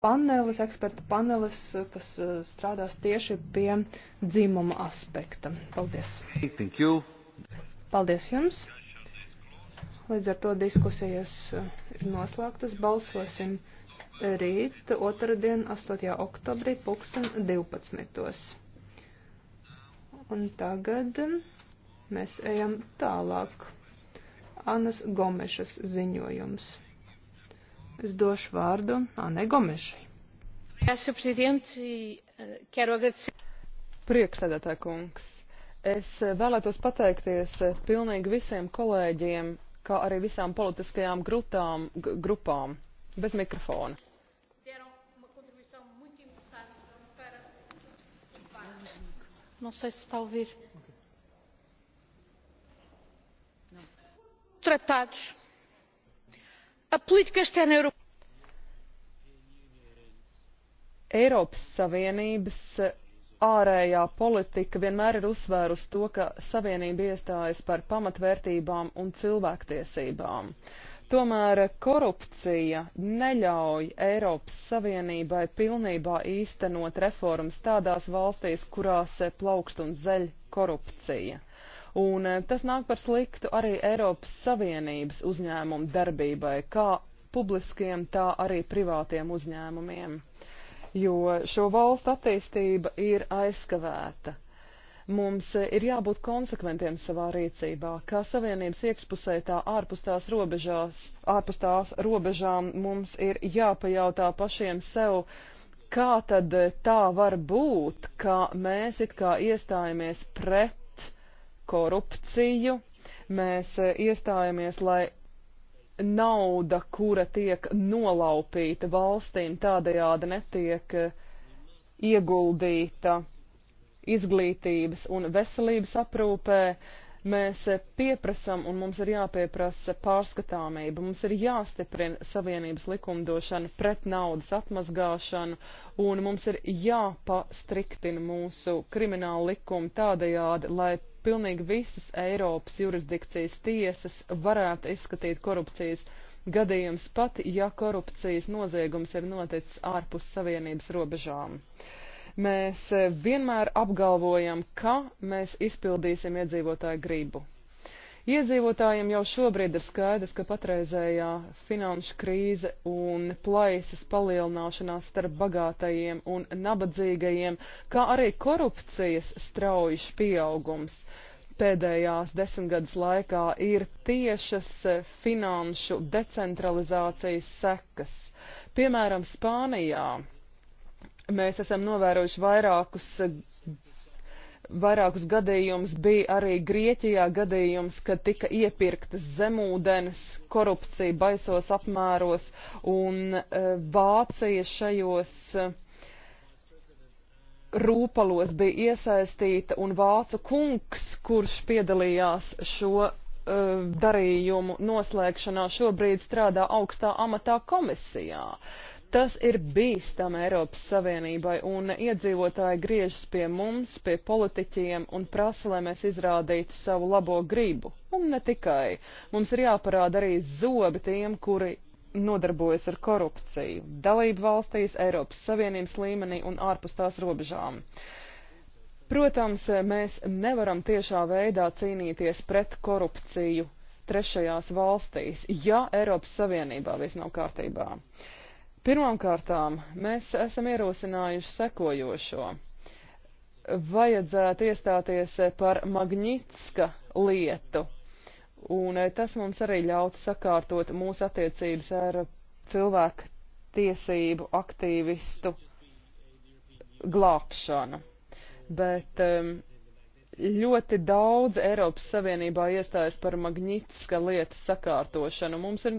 panelis, ekspertu panelis, kas eh, strādās tieši pie dzimuma aspekta. Paldies! Thank you! Paldies jums! Līdz ar to diskusijas eh, ir noslēgtas. Balsosim rīt, otrdien, 8. oktobrī, pulksten 12. Un tagad mēs ejam tālāk. Anas Gomešas ziņojums. Es došu vārdu Anē Gomešai. Eh, Priekšsēdētāj kungs, es eh, vēlētos pateikties eh, pilnīgi visiem kolēģiem, kā arī visām politiskajām grutām, grupām, bez mikrofona. Não sei se está a ouvir. Okay. Tratados A politika externa Eiropa. Eiropas Savienības eh, ārējā politika vienmēr ir uzsvērusi to, ka Savienība iestājas par pamatvērtībām un cilvēktiesībām. Tomēr korupcija neļauj Eiropas Savienībai pilnībā īstenot reformas tādās valstīs, kurās eh, plaukst un zeļ korupcija. Un eh, tas nāk par sliktu arī Eiropas Savienības uzņēmumu darbībai, kā publiskiem, tā arī privātiem uzņēmumiem, jo šo valstu attīstība ir aizskavēta. Mums eh, ir jābūt konsekventiem savā rīcībā, kā Savienības iekšpusē, tā ārpus tās, robežās, ārpus tās robežām mums ir jāpajautā pašiem sev, kā tad eh, tā var būt, ka mēs it kā iestājamies pret korupciju, mēs e, iestājamies, lai nauda, kura tiek nolaupīta valstīm, tādējādi netiek e, ieguldīta izglītības un veselības aprūpē, Mēs eh, pieprasam un mums ir jāpieprasa pārskatāmība, mums ir jāstiprina savienības likumdošana pret naudas atmazgāšanu un mums ir jāpastriktina mūsu krimināla likuma tādajādi, lai pilnīgi visas Eiropas jurisdikcijas tiesas varētu izskatīt korupcijas gadījums, pat ja korupcijas noziegums ir noticis ārpus savienības robežām. Uh, Mēs e, vienmēr apgalvojam, ka mēs izpildīsim iedzīvotāju gribu. Iedzīvotājiem jau šobrīd ir skaidrs, ka patreizējā finanšu krīze un plaisas palielināšanās starp bagātajiem un nabadzīgajiem, kā arī korupcijas straujišs pieaugums pēdējās desmitgades laikā ir tiešas e, finanšu decentralizācijas sekas. Piemēram, Spānijā mēs esam novērojuši vairākus vairākus gadījumus bija arī Grieķijā gadījums, kad tika iepirktas zemūdens, korupcija baisos apmēros, un e, Vācija šajos e, rūpalos bija iesaistīta, un Vācu kungs, kurš piedalījās šo e, darījumu noslēgšanā šobrīd strādā augstā amatā komisijā. Tas ir bīstam Eiropas Savienībai, un iedzīvotāji griežas pie mums, pie politiķiem, un prasa, lai mēs izrādītu savu labo gribu. Un ne tikai. Mums ir jāparāda arī zobi tiem, kuri nodarbojas ar korupciju - dalību valstīs, Eiropas Savienības līmenī un ārpus tās robežām. Protams, mēs nevaram tiešā veidā cīnīties pret korupciju trešajās valstīs, ja Eiropas Savienībā viss nav kārtībā. Uh, Pirmkārtām mēs esam ierosinājuši sekojošo. Vajadzētu iestāties par Magnitska lietu, un eh, tas mums arī ļautu sakārtot mūsu attiecības ar cilvēku tiesību aktīvistu glābšanu. Bet um, ļoti daudz Eiropas Savienībā iestājas par magnitska lietas sakārtošanu. Mums, ir,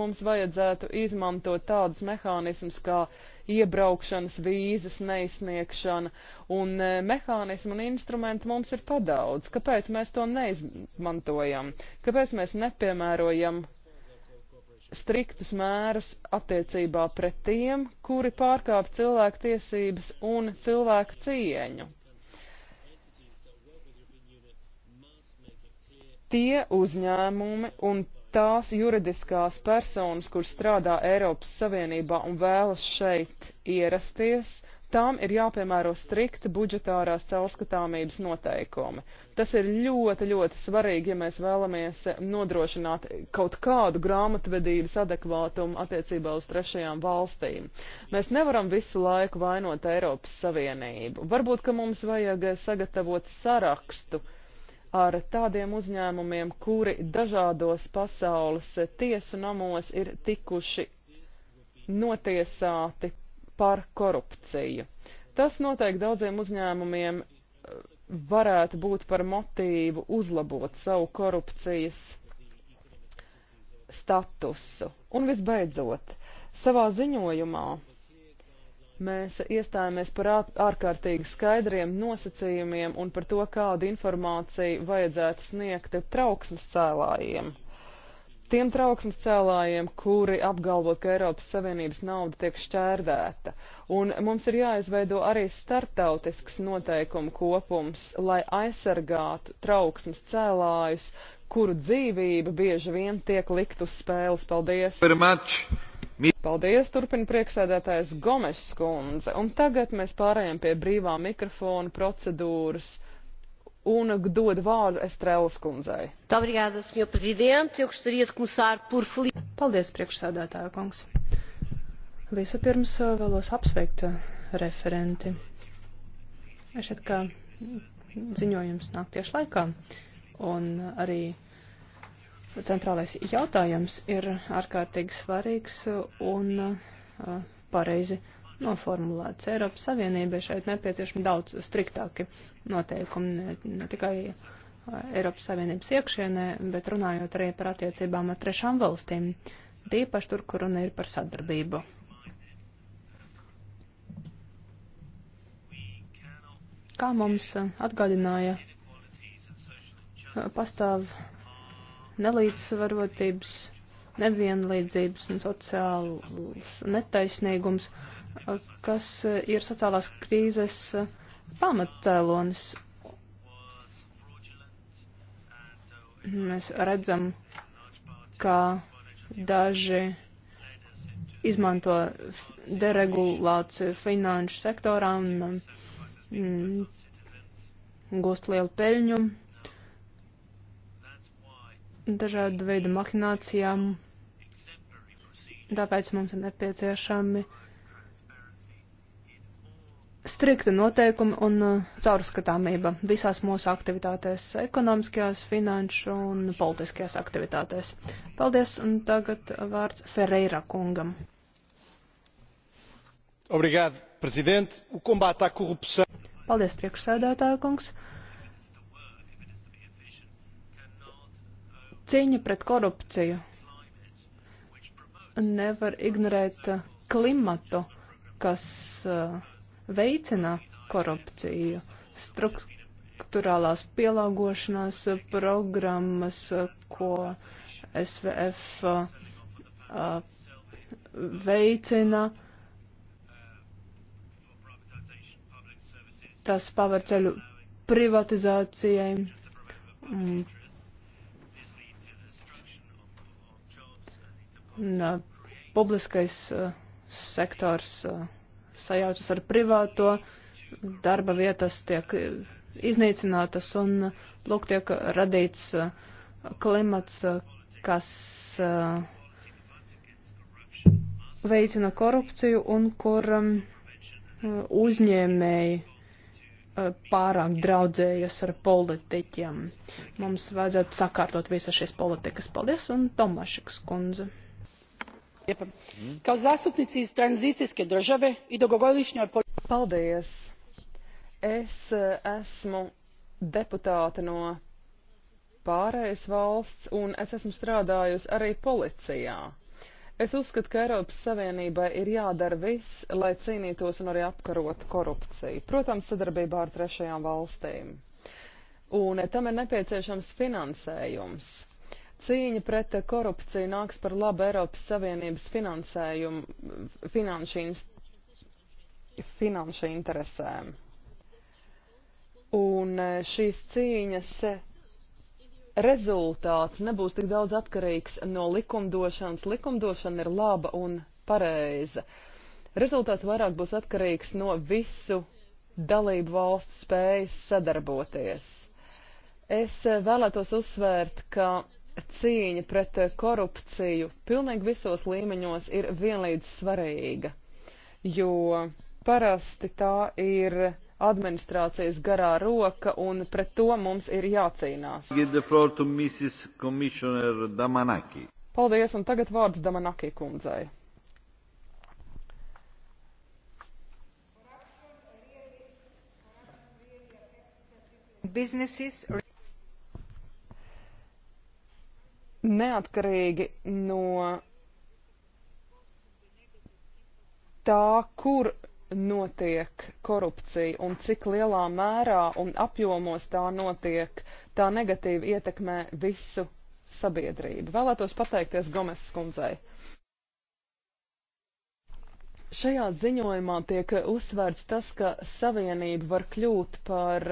mums vajadzētu izmantot tādus mehānismus kā iebraukšanas vīzas neizsniegšana, un e, mehānismu un instrumentu mums ir padaudz. Kāpēc mēs to neizmantojam? Kāpēc mēs nepiemērojam striktus mērus attiecībā pret tiem, kuri pārkāp cilvēku tiesības un cilvēku cieņu? tie uzņēmumi un tās juridiskās personas, kur strādā Eiropas Savienībā un vēlas šeit ierasties, tām ir jāpiemēro strikta budžetārās caurskatāmības noteikumi. Tas ir ļoti, ļoti svarīgi, ja mēs vēlamies nodrošināt kaut kādu grāmatvedības adekvātumu attiecībā uz trešajām valstīm. Mēs nevaram visu laiku vainot Eiropas Savienību. Varbūt, ka mums vajag sagatavot sarakstu ar tādiem uzņēmumiem, kuri dažādos pasaules tiesu namos ir tikuši notiesāti par korupciju. Tas noteikti daudziem uzņēmumiem eh, varētu būt par motīvu uzlabot savu korupcijas statusu. Un visbeidzot, savā ziņojumā Mēs iestājāmies par ārkārtīgi skaidriem nosacījumiem un par to, kādu informāciju vajadzētu sniegt trauksmes cēlājiem. Tiem trauksmes cēlājiem, kuri apgalvo, ka Eiropas Savienības nauda tiek šķērdēta. Un mums ir jāizveido arī starptautisks noteikumu kopums, lai aizsargātu trauksmes cēlājus, kuru dzīvība bieži vien tiek likt uz spēles. Paldies! Very much. Paldies, turpina prieksēdētājs Gomes skundze. Un tagad mēs pārējām pie brīvā mikrofona procedūras un dod vārdu Estrelas kundzei. Obrigada, senhor presidente. Eu gostaria de começar por Paldies, priekšsēdētāja kungs. Vispirms uh, vēlos apsveikt uh, referenti. Šķiet, ka ziņojums nāk tieši laikā un arī centrālais jautājums ir ārkārtīgi svarīgs un pareizi noformulēts. Eiropas Savienībai šeit nepieciešami daudz striktāki noteikumi, ne tikai Eiropas Savienības iekšienē, bet runājot arī par attiecībām ar trešām valstīm, tīpaši tur, kur runa ir par sadarbību. Kā mums atgādināja, pastāv nelīdzsvarotības, nevienlīdzības un sociāls netaisnīgums, kas ir sociālās krīzes pamatcēlonis. Mēs redzam, ka daži izmanto deregulāciju finanšu sektorā un mm, gūst lielu peļņu dažādu veidu mahinācijām. Tāpēc mums ir nepieciešami strikti noteikumi un uh, caurskatāmība visās mūsu aktivitātēs, ekonomiskajās, finanšu un politiskajās aktivitātēs. Paldies, un tagad vārds Ferreira kungam. Obrigado, prezident. O combate à corrupção. Paldies, priekšsēdētāja kungs. Uh, Cīņa pret korupciju nevar ignorēt uh, klimatu, kas uh, veicina korupciju, struktūrālās pielāgošanās uh, programmas, ko SVF veicina. Tas paver ceļu privatizācijai, mm. Un uh, publiskais uh, sektors uh, sajaucas ar privāto, darba vietas tiek iznīcinātas un, lūk, tiek radīts uh, klimats, uh, kas uh, veicina korupciju un kur um, uzņēmēji pārāk draudzējas ar politiķiem. Mums vajadzētu sakārtot visas šīs politikas. Paldies, un Tomašiks kundze gospođo predsjednice kao zastupnici iz tranzicijske države i dugogodišnjoj. paldies! es eh, esmu deputāte no pārējas valsts un es esmu strādājusi arī policijā. Es uzskatu, ka Eiropas Savienībai ir jādara viss, lai cīnītos un arī apkarotu korupciju, protams, sadarbībā ar trešajām valstīm. Un tam ir nepieciešams finansējums Cīņa pret korupciju nāks par labu Eiropas Savienības finansējumu, finanšu, finanšu interesēm. Un e, šīs cīņas rezultāts nebūs tik daudz atkarīgs no likumdošanas. Likumdošana ir laba un pareiza. Rezultāts vairāk būs atkarīgs no visu dalību valstu spējas sadarboties. Es e, vēlētos uzsvērt, ka cīņa pret eh, korupciju pilnīgi visos līmeņos ir vienlīdz svarīga, jo parasti tā ir administrācijas garā roka un pret to mums ir jācīnās. Paldies, un tagad vārds Damanaki kundzei. Businesses neatkarīgi no tā, kur notiek korupcija un cik lielā mērā un apjomos tā notiek, tā negatīvi ietekmē visu sabiedrību. Vēlētos pateikties Gomes skundzei. Šajā ziņojumā tiek uzsvērts tas, ka savienība var kļūt par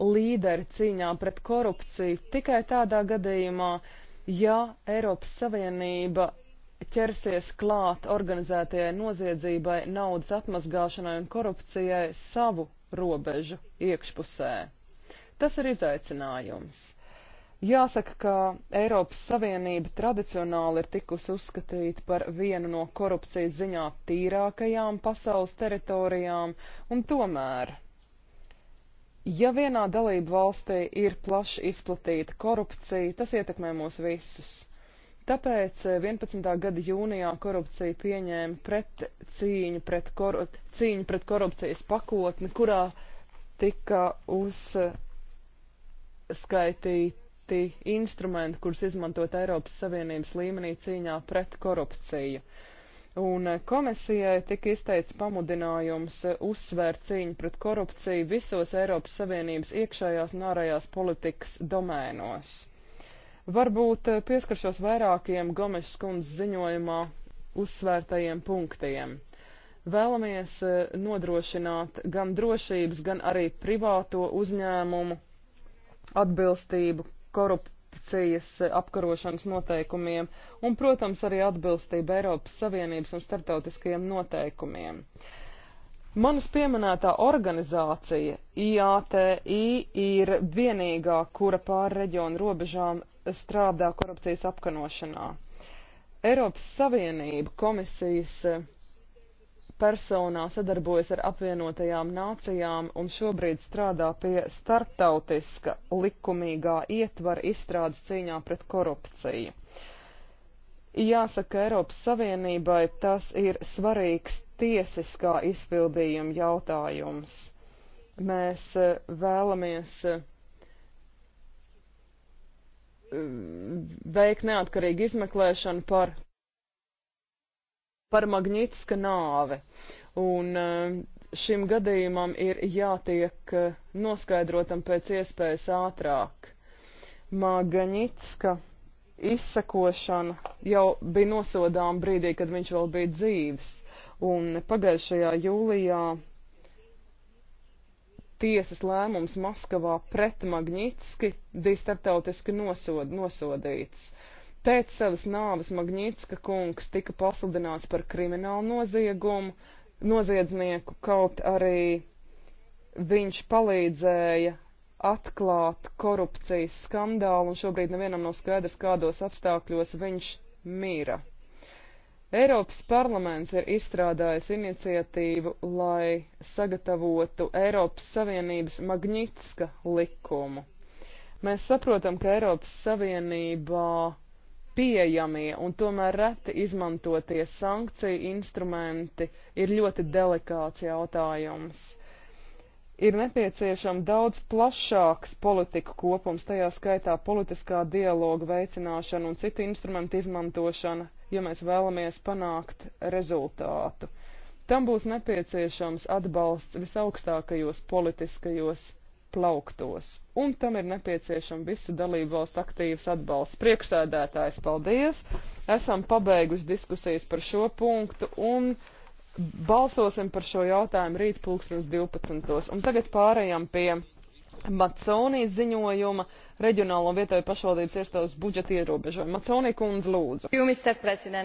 līderi cīņā pret korupciju tikai tādā gadījumā, ja Eiropas Savienība ķersies klāt organizētajai noziedzībai, naudas atmazgāšanai un korupcijai savu robežu iekšpusē. Tas ir izaicinājums. Jāsaka, ka Eiropas Savienība tradicionāli ir tikusi uzskatīta par vienu no korupcijas ziņā tīrākajām pasaules teritorijām, un tomēr Ja vienā dalību valstī ir plaši izplatīta korupcija, tas ietekmē mūs visus. Tāpēc 11. Eh, gada jūnijā korupcija pieņēma pret cīņu pret, koru, cīņu pret korupcijas pakotni, kurā tika uzskaitīti instrumenti, kurus izmantot Eiropas Savienības līmenī cīņā pret korupciju. Uh, Un eh, komisijai tika izteicis pamudinājums eh, uzsvērt cīņu pret korupciju visos Eiropas Savienības iekšējās un ārējās politikas domēnos. Varbūt eh, pieskaršos vairākiem Gomešas kundzes ziņojumā uzsvērtajiem punktiem. Vēlamies nodrošināt gan drošības, gan arī privāto uzņēmumu atbilstību korup korupcijas eh, apkarošanas noteikumiem un, protams, arī atbilstība Eiropas Savienības un starptautiskajiem noteikumiem. Manas pieminētā organizācija IATI ir vienīgā, kura pāri reģionu robežām strādā korupcijas apkanošanā. Eiropas Savienība komisijas eh, personā sadarbojas ar apvienotajām nācijām un šobrīd strādā pie starptautiska likumīgā ietvara izstrādes cīņā pret korupciju. Jāsaka, Eiropas Savienībai tas ir svarīgs tiesiskā izpildījuma jautājums. Mēs eh, vēlamies eh, veikt neatkarīgu izmeklēšanu par par Magnitska nāvi. Un eh, šim gadījumam ir jātiek eh, noskaidrotam pēc iespējas ātrāk. Magnitska izsekošana jau bija nosodām brīdī, kad viņš vēl bija dzīves. Un pagājušajā jūlijā tiesas lēmums Maskavā pret Magnitski bija starptautiski nosod, nosodīts. Uh, Pēc savas nāves Magnitska kungs tika pasludināts par kriminālu noziegumu, noziedznieku, kaut arī viņš palīdzēja atklāt korupcijas skandālu, un šobrīd nevienam nav no skaidrs, kādos apstākļos viņš mīra. Eiropas parlaments ir izstrādājis iniciatīvu, lai sagatavotu Eiropas Savienības Magnitska likumu. Mēs saprotam, ka Eiropas Savienībā pieejamie un tomēr reti izmantotie sankciju instrumenti ir ļoti delikāts jautājums. Ir nepieciešama daudz plašāks politiku kopums, tajā skaitā politiskā dialoga veicināšana un citu instrumentu izmantošana, ja mēs vēlamies panākt rezultātu. Tam būs nepieciešams atbalsts visaugstākajos politiskajos plauktos. Un tam ir nepieciešama visu dalību valstu aktīvas atbalsts. Priekšsēdētājs, paldies! Esam pabeiguši diskusijas par šo punktu un balsosim par šo jautājumu rīt pulkstens 12. Un tagad pārējām pie Maconijas ziņojuma reģionālo vietēju pašvaldības iestādes budžeta ierobežojumu. Maconija kundze lūdzu. You,